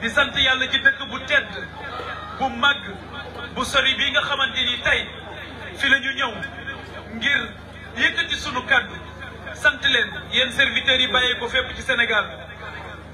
di sant yàlla ci dëkk bu tedd bu màgg bu sori bii nga xamante ni tey fi la ñu ñëw ngir yëkkati sunu kàddu sant leen yéen serviteur yi bàyyee ko fépp ci Sénégal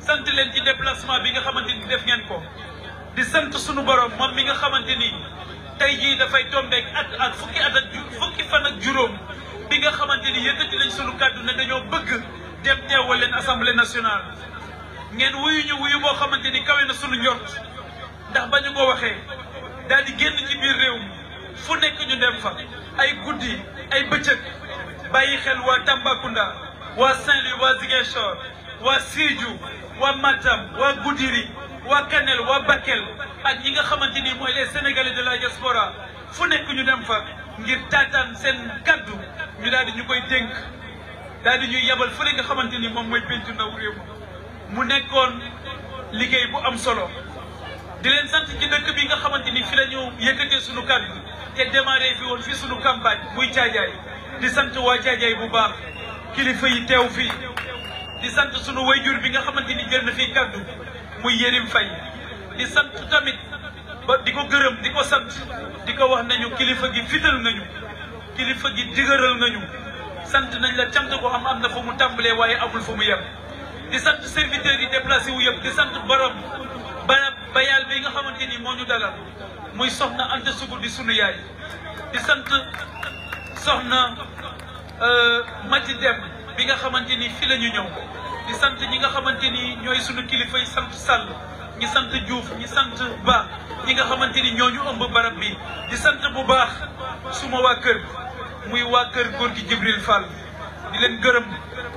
sant leen ci déplacement bi nga xamante ni def ngeen ko di sant sunu borom moom mi nga xamante ni tey jii dafay tombeek at ak fukki at ak fukki fan ak juróom bi nga xamante ni yëkkati nañ sunu kàddu ne dañoo bëgg dem teewal leen assemblée nationale ngeen wuyuñu wuyu boo xamante ni kawe na sunu njort ndax ba ñu ko waxee daal di génn ci biir réew mi fu nekk ñu dem fa ay guddi ay bëccëg bàyyi xel waa Tambacounda waa Saint-Louis waa Ziguinchor waa Sédhiou waa Matam waa Goudiri waa Kanel waa Bakel ak ñi nga xamante ni mooy les sénégalais de la diaspora fu nekk ñu dem fa ngir taataan seen kaddu ñu daal ñu koy dénk daal di ñuy yabal fële nga xamante ni moom mooy pentu ndaw réew mu nekkoon liggéey bu am solo di leen sant ci dëkk bi nga xamante ni fi la ñu yëkkatee sunu kàddu te démarré fi woon fi sunu campagne muy caajaay di sant waa caajaay bu baax kilifa yi teew fii di sant sunu jur bi nga xamante ni jël na fii kàddu muy Yérim Faye di sant tamit ba di ko gërëm di ko sant di ko wax nañu kilifa gi fital nañu kilifa gi digëral nañu sant nañ la cant ko xam am na fu mu tàmbalee waaye amul fu mu yem di sant serviteurs yi déplacé wu yëpp di sant borom barab bayal bi nga xamante ni moo ñu dalal muy soxna Anta Sougou di sunu yaay di sant soxna euh, Mati Dem bi nga xamante ni fi la ñu ñëw di sant ñi nga xamante ni ñooy sunu kilifa yi sant Sall ñi sant Diouf ñi sant Ba ñi nga xamante ni ñoo ñu ëmb barab bi di sant bu baax suma waa kër muy waa kër góor gi Jibril Fall di leen gërëm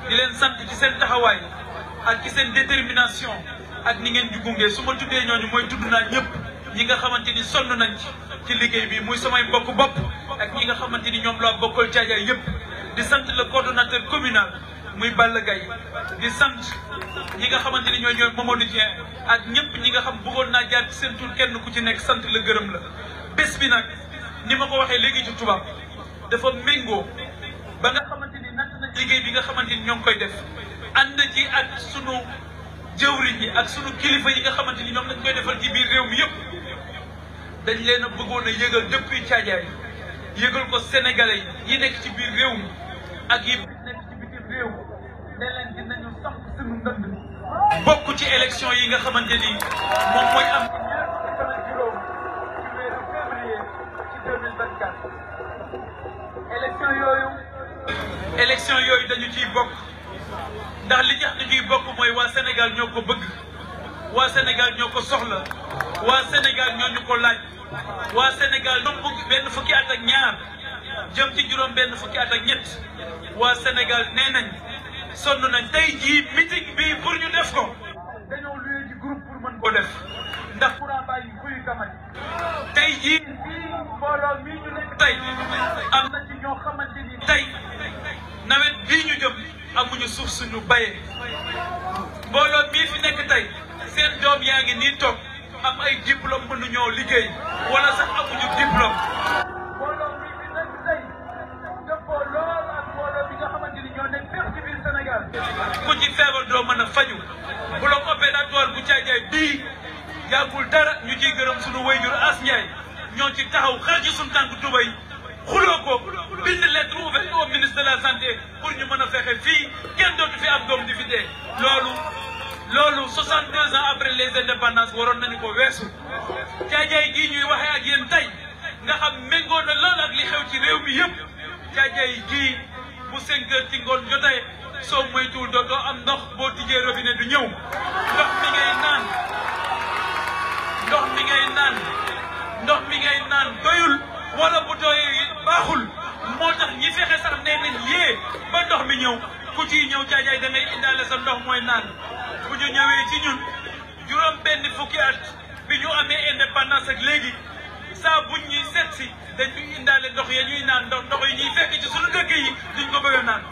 di leen sant ci seen taxawaay ak ci seen détermination ak ni ngeen jugunge su ma tuddee ñooñu mooy tudd naa ñëpp ñi nga xamante ni sonn nañ ci ci liggéey bi muy samay mbokk bopp ak ñi nga xamante ni ñoom laa bokkal caajaay yëpp di sant le coordonnateur communal muy Balla Gaye di sant ñi nga xamante ni ñooy ñooy Mamadou Dieng ak ñëpp ñi nga xam bëggoon naa jaar ci seen tur kenn ku ci nekk sant la gërëm la bés bi nag ni ma ko waxee léegi ci tubaab dafa méngoo ba nga xamante ni na liggéey bi nga xamante ni ñoo ngi koy def ànd ci ak sunu jëwriñ ak sunu kilifa yi nga xamante ni ñoom dañ koy defal ci biir réew mi yëpp dañ leen a bëggoon a yëgal depuis caajaay yëgal ko sénégalais yi nekk ci biir réew mi ak yi nekk ci biir réew ne ci élection yi nga xamante ni moom mooy am ci ñaar fukki fan ak juróom ci ci 2024 élection yooyu élection dañu ciy bokk ndax li tax ñu ciy bokk mooy waa Sénégal ñoo ko bëgg waa Sénégal ñoo ko soxla waa Sénégal ñoo ñu ko laaj waa Sénégal ñoom benn fukki at ak ñaar jëm ci juróom benn fukki at ñett waa Sénégal nee nañ sonn nañ tey jii meeting bi pour ñu def ko dañoo luye ci groupe pour def ndax courant bàyyi fuyu kamaj tey jii mbooloo tey am na ci ñoo xamante amuñu suuf suñu bayee mbooloo mii fi nekk tey seen doom yaa ngi nii toog am ay diplôme mënuñoo liggéey wala sax amuñu diplôme. ci biir ku ci feebar doo mën a faju bloc opératoire bu Thiadiaye bii yàggul dara ñu ciy gërëm suñu wayjur As Ndiaye ñoo ci taxaw xar ci suñu tànk Dubaï. xuloo ko bind lettre ouverte au ministre de la santé pour ñu mën a fexe fii kenn dootu fi am doom di fi dee loolu loolu 62 ans après les indépendances waroon nañu ko weesu caajaay gii ñuy waxee ak yéen tey nga xam méngoo na lool li xew ci réew mi yëpp caajaay gii bu 5 heures ci ngoon jotee soo moytuwul dootoo am ndox boo tijjee robinet du ñëw ndox ndox mi ngay naan ndox mi ngay naan doyul wala bouton yi baaxul moo tax ñi fexe sax nee nañ yee ba ndox mi ñëw ku ciy ñëw jaajaay da ngay indaale sa ndox mooy naan bu ñu ñëwee ci ñun juróom benn fukki at bi ñu amee indépendance ak léegi saa buñ ñuy seet si dañuy indaale ndox ya ñuy naan ndox ndox yi ñuy fekk ci suñu dëkk yi duñ ko bëgg naan